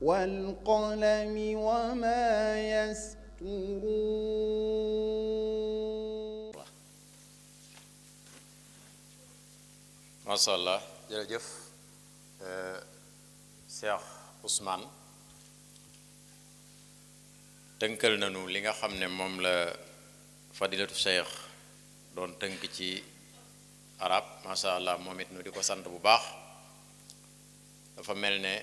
والقلم وما يسطرون ma sha Allah jërëjëf Cheikh Ousmane tënkal nañu li nga xam ne moom la fadilatu Cheikh doon tënk ci arab macha allah moom it nu di ko sant bu baax dafa mel ne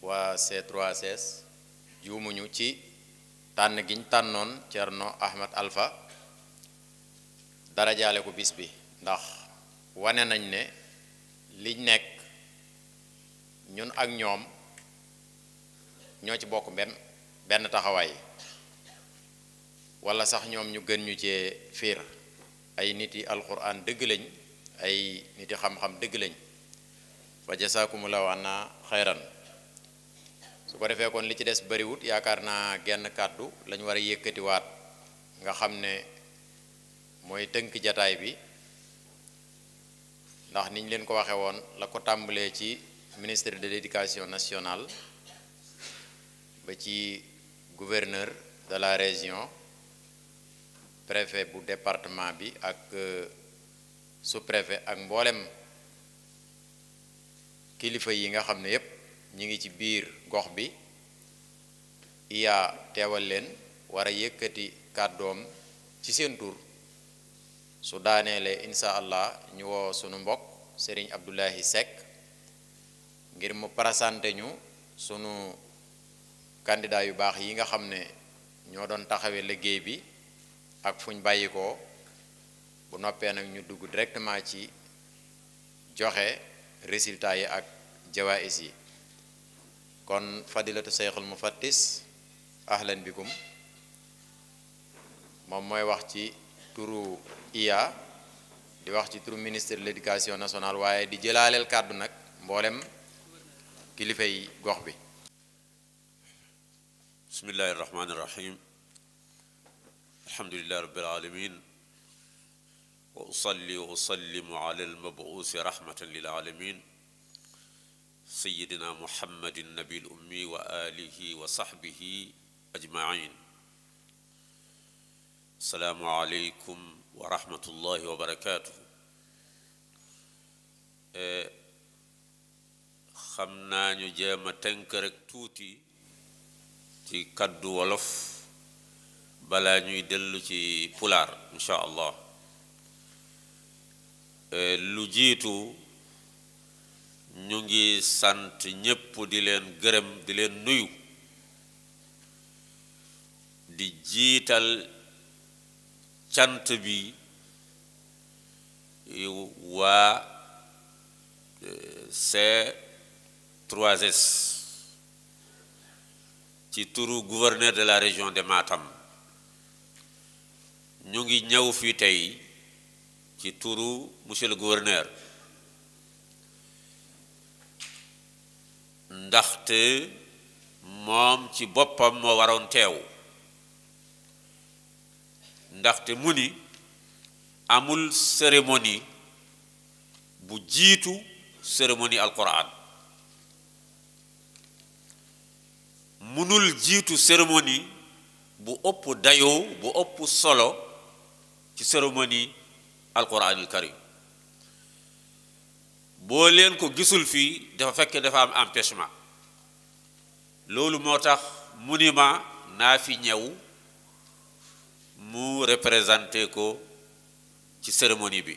waa c 3 ci tànn giñ tànnoon Cerno Ahmed Alpha darajaale ko bis bi ndax wane nañ ne liñ nekk ñun ak ñoom ñoo ci bokk benn benn taxawaay wala sax ñoom ñu gën ñu ci fiir ay nit yi alquran dëgg lañ ay nit yi xam-xam dëgg lañ fa jasakumullahu anna xayran su ko defee kon li ci des bariwut yaakaar naa genn kàddu lañ war a yëkkatiwaat nga xam ne mooy tënk jataay bi ndax niñ leen ko waxe woon la ko tàmbalee ci ministre de l'éducation nationale ba ci gouverneur de la région préfet bu département bi ak euh, sous-préfet ak mboolem kilifa yi nga xam ne yépp ñi ngi ci biir gox bi iyaa teewal leen war a yëkkati kàddoom ci seen tur su daaneele insha allah ñu woo sunu mbokk Serigne Abdoulahi Seck ngir mu présenté ñu sunu candidat yu baax yi nga xam ne ñoo doon taxawee liggéey bi ak fuñ bàyyi ko bu noppee nag ñu dugg directement ci joxe résultat yi ak jawaïs yi kon fadilatu seyxul mufattis ahlan bikum moom mooy wax ci turu IA di wax ci turu ministre de l'éducation nationale waaye di jëlaaleel kàddu nag mbooleem kilifa yi gox bi bismillahi rahmaani rahim alhamdulillahi rabbil alamin wa usalli wa usallimu ala almabuusi raxmatan lilaalamin sayidina muhammadin nabil ummi wa alihi wa saxbihi ajmain asalaamu aleykum wa rahmatullahi wa barakaatu xam naa ñu jéem a tënk rek tuuti ci kàddu wolof balaa ñuy dellu ci pulaar incha allah Eh, lu jiitu ñu ngi sant ñépp di leen gërëm di leen nuyu di jiital cant bi eh, waa eh, c 3 ci turu gouverneur de la région de maatam ñu ngi ñëw fii tey ci turu monsieur le gouverneur ndaxte moom ci boppam moo waroon teew ndaxte mu ni amul cérémonie bu jiitu cérémonie alquran munul jiitu cérémonie bu ëpp dayoo bu ëpp solo ci cérémonie alquranul karim boo leen ko gisul fii dafa fekk dafa am empêchement loolu moo tax mu ni ma naa fi ñëw mu représenté ko ci cérémonie bi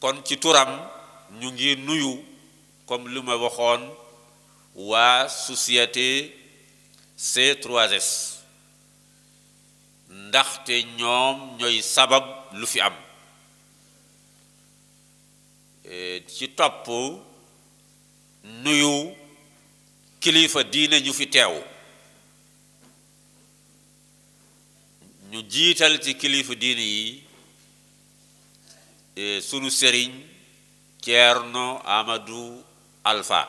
kon ci turam ñu ngi nuyu comme lu ma waxoon waa société c 3 ndaxte ñoom ñooy sabab lu fi am e, ci topp nuyu kilifa diine ñu fi teew ñu jiital ci kilifa diine yi e, sunu sëriñ Ceerno Amadou Alpha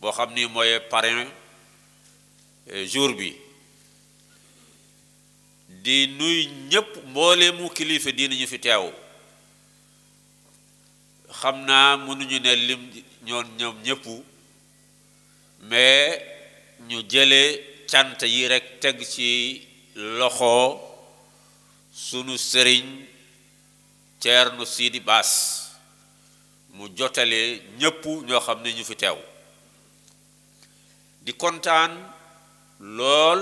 boo xam ni mooy parrain e, jour bi di nuy ñépp mboolee mu kilifa diina ñu fi teew xam naa mënuñu ne lim ñoom ñépp mais ñu jële cant yi rekk teg ci loxo sunu sëriñ Ceerno siidi Baas mu jotale ñépp ñoo xam ne ñu fi teew di kontaan lool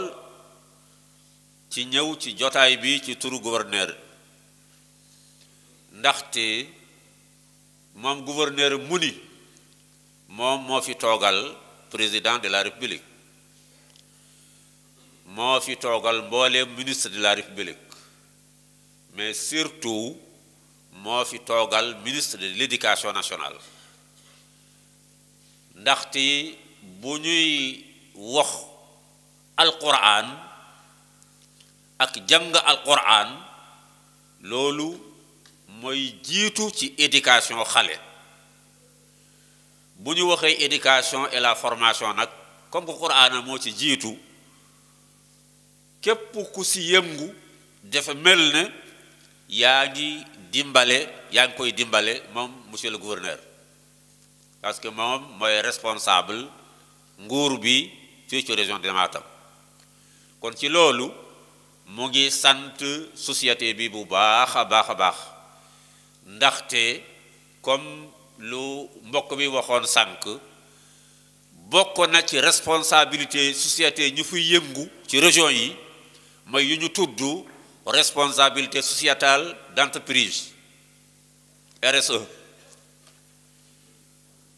ci ñëw ci jotaay bi ci turu gouverneur ndaxte moom gouverneur mu ni moom moo fi toogal président de la république moo fi toogal mbooleem ministre de la république mais surtout moo fi toogal ministre de l'éducation nationale ndaxte bu ñuy wax alquran ak jàng alquran loolu mooy jiitu ci éducation xale bu ñu waxee éducation et la formation nag comme que quraan moo ci jiitu képp ku si yëngu dafa mel ne yaa ngi dimbale yaa ngi koy dimbale moom monsieur le gouverneur parce que moom mooy responsable nguur bi fii ci région de Matam kon ci loolu mu ngi sant société bi bu baax a baax a baax ndaxte comme lu mbokk bi waxoon sànq bokk na ci responsabilité société ñu fi yëngu ci région yi mooy yu ñu tudd responsabilité sociétale d'entreprise RSE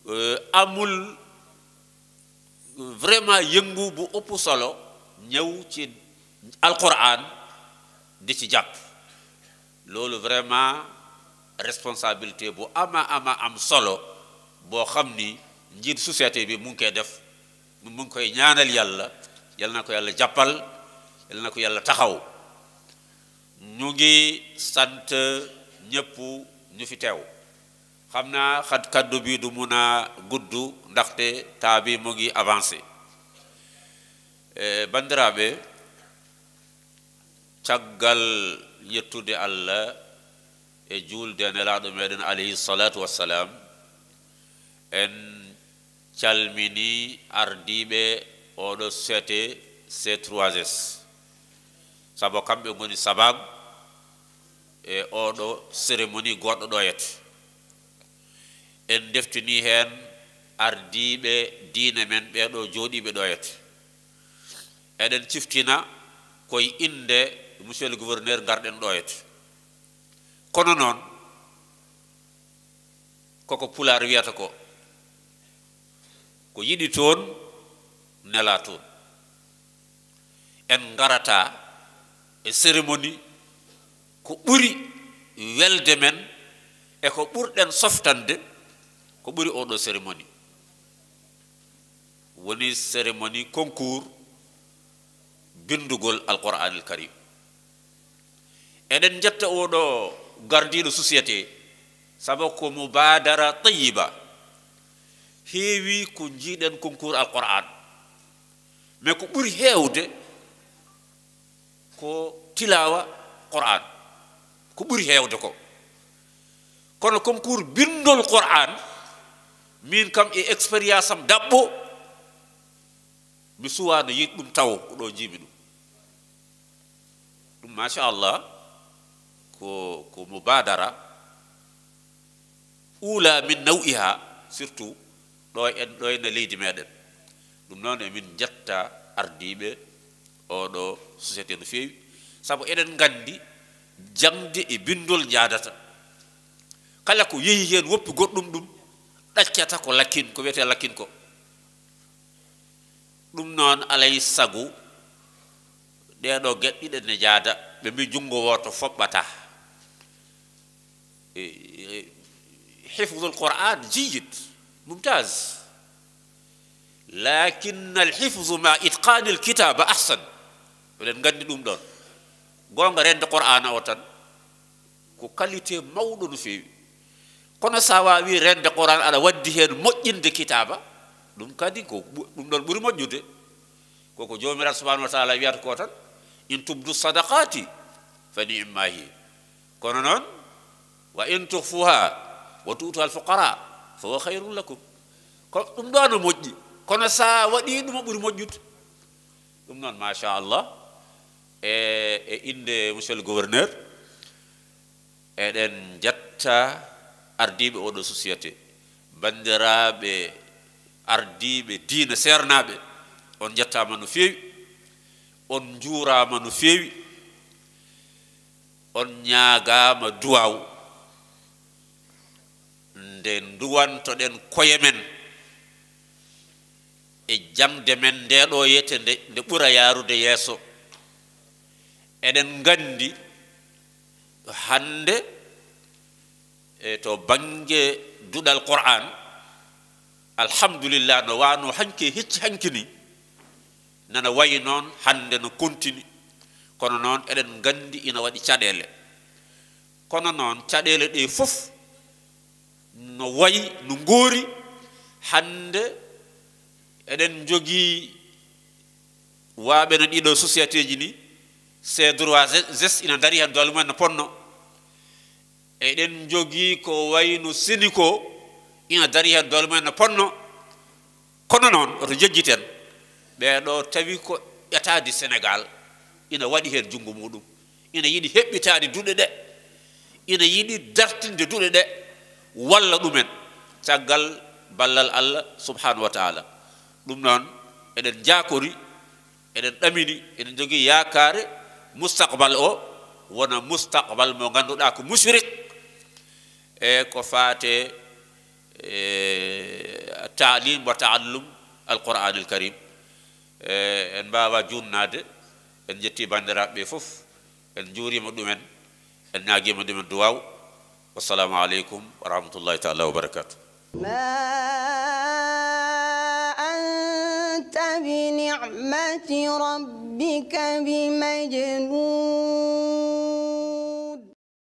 euh, amul vraiment yëngu bu ëpp solo ñëw ci alquran di ci jàpp loolu vraiment responsabilité bu ama ama am solo boo xam ni njiit société bi mu ngi koy def mu ngi koy ñaanal yàlla yal na ko yàlla jàppal yal na ko yàlla taxaw ñu ngi sant ñëpp ñu fi teew xam naa xat kaddu bi du mun a gudd ndaxte taa bi mu ngi avancé eh, bandiraɓe caggal yettude allah e juulde e nelaaɗo meeɗen alayhi salatu wassalam en calmini ardiiɓe oɗo seete c3s kamɓe ngoni sabab e oɗo cérémonie goɗɗo ɗo en deftini heen ardiiɓe diine men ɓeeɗo jooɗiiɓe ɗo eɗen ciftina koye innde monsieur le gouverneur garɗen ɗoyat kono noon koko pular wiyata ko ko yiɗi toon nela toon en garata e cérémonie ko ɓuri welde men e ko ɓurɗen softande ko ɓuri oɗo cérémonie woni cérémonie concours bindugol alqouranil karim eɗen jetta oɗo gardiɗo société sabu ko mubadara tayiba heewi ko jiiɗen concours alquran mais ko ɓuri heewde ko tilawa quran ko ɓuri heewde ko kono concours bindol quran min kam e expérience am daɓɓo mi suwano yiɗi ɗum taw ko ɗo jimi ɗum ɗum machallah kumubadara ula min nawiha surtout ɗo en ɗoyno leydi meɗen ɗum noon emin jetta ardiɓe oɗo société no feewi sabu eɗen gandi jangde e bindol jaadata kala ko yehi hen woppi goɗɗum ɗum ɗaccata ko lakkin ko wiyete lakkin ko ɗum noon alay sago ɗeɗo geɗɗiɗe ne jaada ɓe mbi junngo woto foɓɓata حفظ القرآن جيد ممتاز لكن الحفظ مع إتقان الكتاب أحسن ولن قد نوم دون قولنا رند قرآن وطن كو كاليتي مولون في كنا ساواوي رند قرآن على ودهن مؤين دي كتابة دون كادي كو دون دون بري مؤين دي كو كو جومي سبحانه وتعالى ويات كوتن إن تبدو الصدقات فنعم ما هي كنا نون wa in tukhfuha wa tutu al fuqara fa huwa khayrun lakum ko ɗum ɗo no moƴƴi kono sa waɗi ɗum ɓuri moƴƴude ɗum noon machallah e e inde monsieur le eɗen jatta ardiɓe oɗo société bandiraɓe ardiɓe diina sernaɓe on jattama no feewi on juurama no feewi on ñaagama duwaw nde duwantoɗen koye men e jamde men ndeɗo yete nde ɓura yarude yeeso eɗen gandi hande e to bange duɗal qur'an alhamdulillah no wano hanke hecci hankini nana wayi noon hande no kontini kono noon eɗen gandi ina waɗi caɗele kono noon caɗele ɗe fof no wayi no ngoori hande eɗen jogii waaɓe no ɗiɗo société ji ni ces droit geste ina dari hen doole mumen no ponno eɗen jogii ko wayno seni ko ina dari hen doole mumen no ponno kono noon oto jejjiten ɓeeɗo tawi ko ƴataade sénégal ina waɗi heen junngo muɗum ina yiɗi heɓɓitaade duɗe ɗe ina yiɗi dartinde duɗe ɗe walla ɗumen caggal ballal allah subhanahu wa ɗum noon eɗen jakori eɗen ɗamini eɗen jogii yakare mustaqbal o wona mustaqbal mo ngannduɗa ko mushrik e ko fate e wa taallum alquran al karim e, en mbawa junnade en jetti bandiraɓe ɓe fof en juurima ɗumen en ñaguima ɗumen duwaw wassalaamu aleykum wa rahmatullahi taala wa barakaatu ma anta bi ni'mati rabbika bi majnun